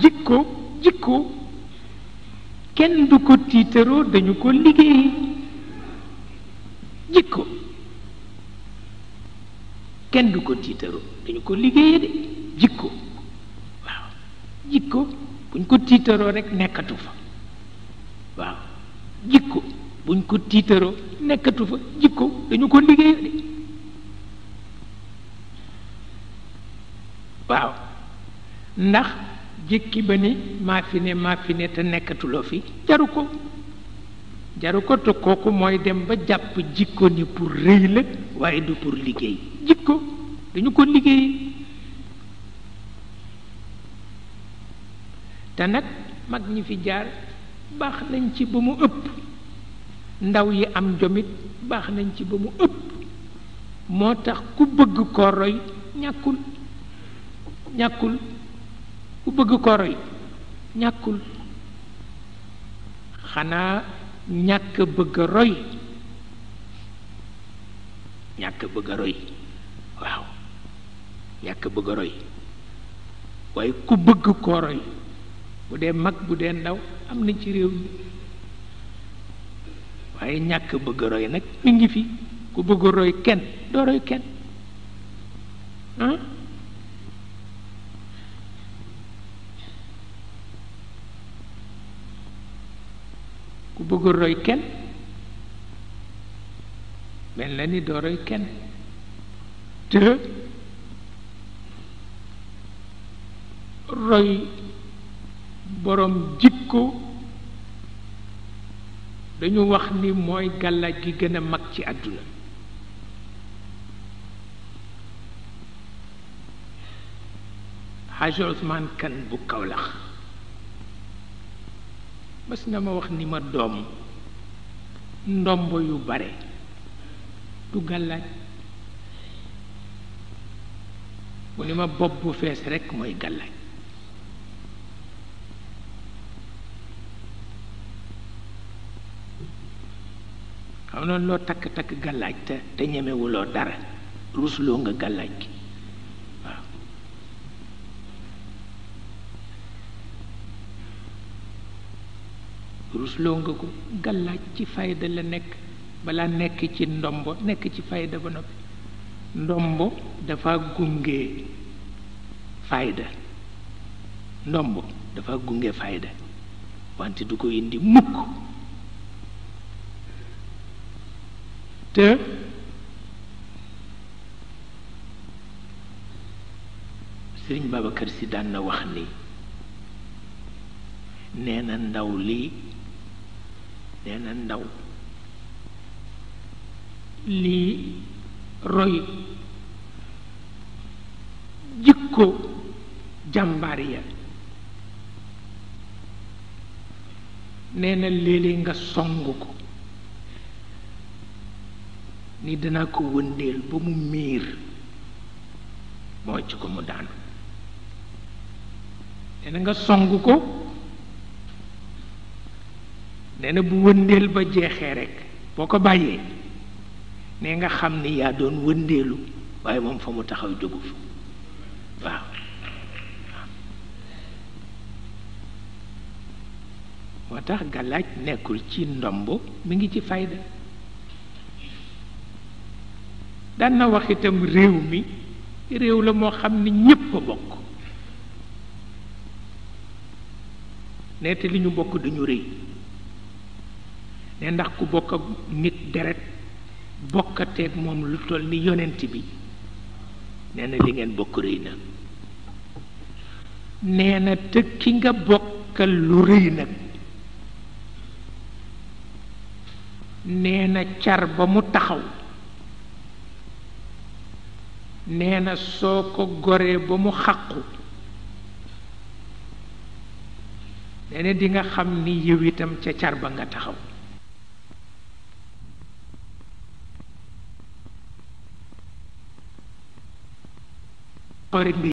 jikko jikko kenn du ko tiitaroo dañu ko liggéey jikko kenn du ko tiitaroo dañu ko liggéeye de jikko waaw jikko buñ ko tiitaroo rekk nekkatu fa waaw jikko buñ ko tiitaroo nekkatu fa jikko dañu ko liggéeye de waaw ndax jékki ba ni fi ne maa fi ne te nekkatuloo fi jaru ko jaru ko te kooku mooy dem ba jàpp jikko ni pour rëy waaye du pour liggéey jikko dañu ko liggéey te nag mag ñi fi jaar baax nañ ci ba mu ëpp ndaw yi am jomit baax nañ ci ba mu ëpp moo tax ku bëgg koo roy ñàkkul ñàkkul ku bëgg ko roy ñàkkul xanaa ñàkk bëgg a roy ñàkk bëgg a roy waaw ñàkk bëgg a roy waaye ku bëgg koo roy bu dee mag bu dee ndaw am na ci réew mi waaye ñàkk bëgg roy nag mi ngi fi ku bëgg roy kenn doo roy kenn ku bëgg a roy kenn mel na ni doo roy kenn te roy borom jikko dañu wax ni mooy gàllaaj gi gën a mag ci àdduna Xaaji Usmaan Kan bu Kawlax mas na ma wax ni ma doom ndombo yu bare du gàllaaj mu ni ma bopp bu fees rekk mooy gàllaaj xam noonu loo takk takk gàllaaj te te ñemewuloo dara rusloo nga gàllaaj gi rusloo nga ko gàllaaj ci fayda la nekk balaa nekk ci ndombo nekk ci fayda ba noppi ndombo dafa gunge fayda ndombo dafa gunge fayda wante du ko indi mukk te Sëriñ Babacar Si daan na wax ni nee na ndaw lii nee na ndaw lii roy jikko jàmbaar ya nee na léeg nga song ko ni dina ko wëndeel ba mu miir moo ci ko mu daanu nee na nga song ko nee bu wëndeel ba jeexee rekk boo ko bàyyee ne nga xam ni yaa doon wëndeelu waaye moom fa mu taxaw jógu fa waaw moo tax galaaj nekkul ci ndomb mi ngi ci fayda daan na wax itam réew mi réew la moo xam ni ñépp a bokk neete li ñu bokk duñu rëy ne ndax ku bokk ak nit deret bokkateeg moom lu toll ni yonent bi nee na li ngeen bokk rëy na nee na te nga bokkal lu rëy nag nee na car ba mu taxaw nee na soo ko goree ba mu xàqu nee na di nga xam ni yow itam ca car ba nga taxaw but it